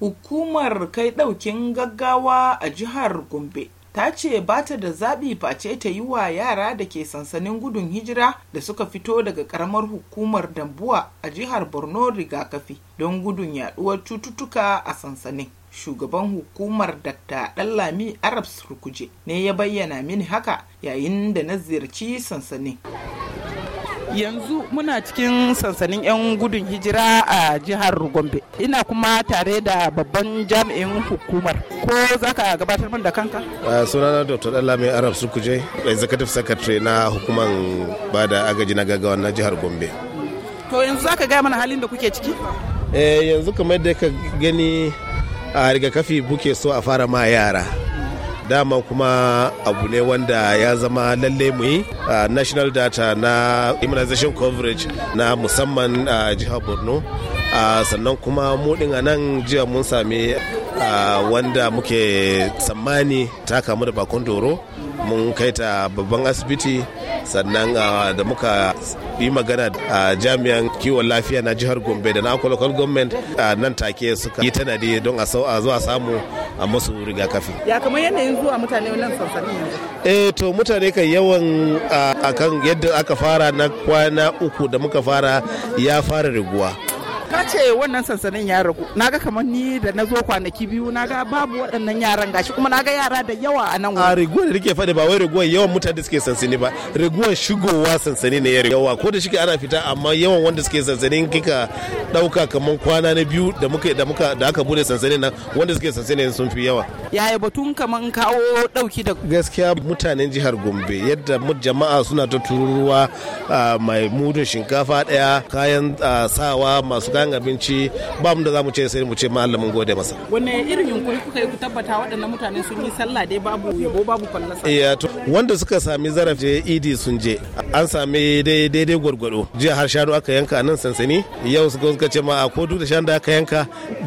Hukumar kai ɗaukin gaggawa a jihar Gombe ta ce ba ta da zaɓi face ta yi wa yara da ke sansanin gudun hijira da suka fito daga ƙaramar hukumar Dambuwa a jihar Borno rigakafi don gudun yaɗuwar cututtuka a sansanin. shugaban hukumar dakta ɗanlami arabs rukuje ne ya bayyana mini haka yayin da na ziyarci sansanin yanzu muna cikin sansanin 'yan gudun hijira a jihar gombe ina kuma tare da babban jami'in hukumar ko za ka gabatar min da kanka sunana dr dalame arab sukuje executive secretary na hukumar ba da agaji na gaggawa na jihar gombe to yanzu za ka gaya mana halin da kuke ciki eh, yanzu kamar da ka gani a rigakafi buke so a fara ma yara dama kuma abu ne wanda ya zama lalle mu yi national data na immunization coverage na musamman jihar borno Ah, sannan kuma mu a nan jiya mun sami ah, wanda muke tsammani ta kamu da bakon doro mun kai ta babban asibiti sannan ah, da muka yi magana a jami'an kiwon lafiya na jihar gombe da na local government nan take suka yi tanadi don a zuwa samu a musu rigakafi ya kamar yanayin zuwa mutane nan sansanin yanzu eh to mutane kan yawan akan yadda aka fara na kwana uku da muka fara ya fara riguwa ka ce wannan sansanin ya ragu naga kamar ni da na zo kwanaki biyu naga babu waɗannan yaran gashi kuma naga yara da yawa a nan a riguwar da rike faɗi ba wai riguwar yawan mutane da suke sansani ba riguwar shigowa sansani ne ya yawa ko da shi ana fita amma yawan wanda suke sansanin kika ɗauka kamar kwana na biyu da muka da muka da aka bude sansanin nan wanda suke sansani sun fi yawa yaya batun kamar kawo ɗauki da gaskiya mutanen jihar gombe yadda jama'a suna ta tururuwa ah, mai mudun shinkafa ɗaya kayan ah, sawa masu kayan abinci ba mu da za mu ce sai mu ce malamin gode masa wanne irin yunkuri kuka yi ku tabbata waɗannan mutane sun yi sallah dai babu yabo babu kwallon iya to wanda suka sami zarafi idi sun je an sami daidai gwargwado jiya har shanu aka yanka a nan sansani yau suka suka ce ma a ko duk da shanu da aka yanka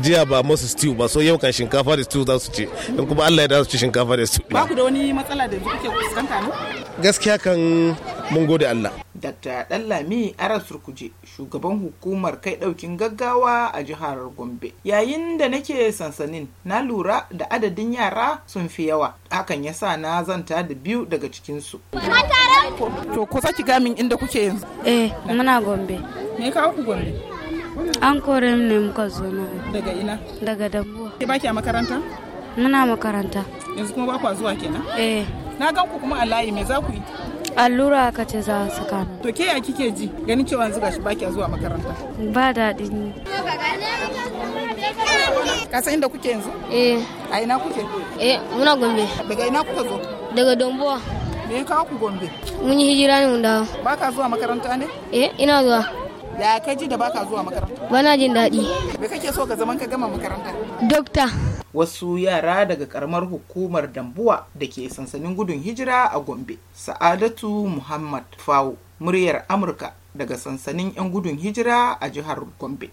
jiya ba musu stew ba so yau kan shinkafa da stew za su ci in kuma Allah ya da su ci shinkafa da stew ba ku da wani matsala da kuke fuskanta ne gaskiya kan mun gode Allah. Dr. Dallami Aran Surkuje, shugaban hukumar kai ɗaukin gaggawa a jihar Gombe. Yayin da nake sansanin, na lura da adadin yara sun fi yawa. Hakan ya sa na zanta da biyu daga cikinsu. To, ko saki gamin inda kuke yanzu? Eh, muna Gombe. Me kawo ku Gombe? An kore ne muka zo na. Daga ina? Daga Dambuwa. Ke baki a makaranta? Muna makaranta. Yanzu kuma ba kwa zuwa kenan? Eh. Na gan ku kuma a layi me za ku yi? allura ka ce za su kama. To ke ya kike ji ganin cewa yanzu gashi baki zuwa makaranta? Ba daɗi ne. Ka san inda kuke yanzu? Eh. A ina kuke? Eh, muna Gombe. Daga ina kuka zo? Daga Dombowa. Me ya kawo ku Gombe? Mun yi hijira ne mun dawo. Ba ka zuwa makaranta ne? Eh, ina zuwa. Ya kai ji da baka zuwa makaranta? Bana jin daɗi. Me kake so ka zaman ka gama makaranta? Dokta. Wasu yara daga karamar hukumar Dambuwa da ke sansanin gudun hijira a Gombe, Sa'adatu Muhammad Fawo, muryar Amurka daga sansanin 'yan gudun hijira a jihar Gombe.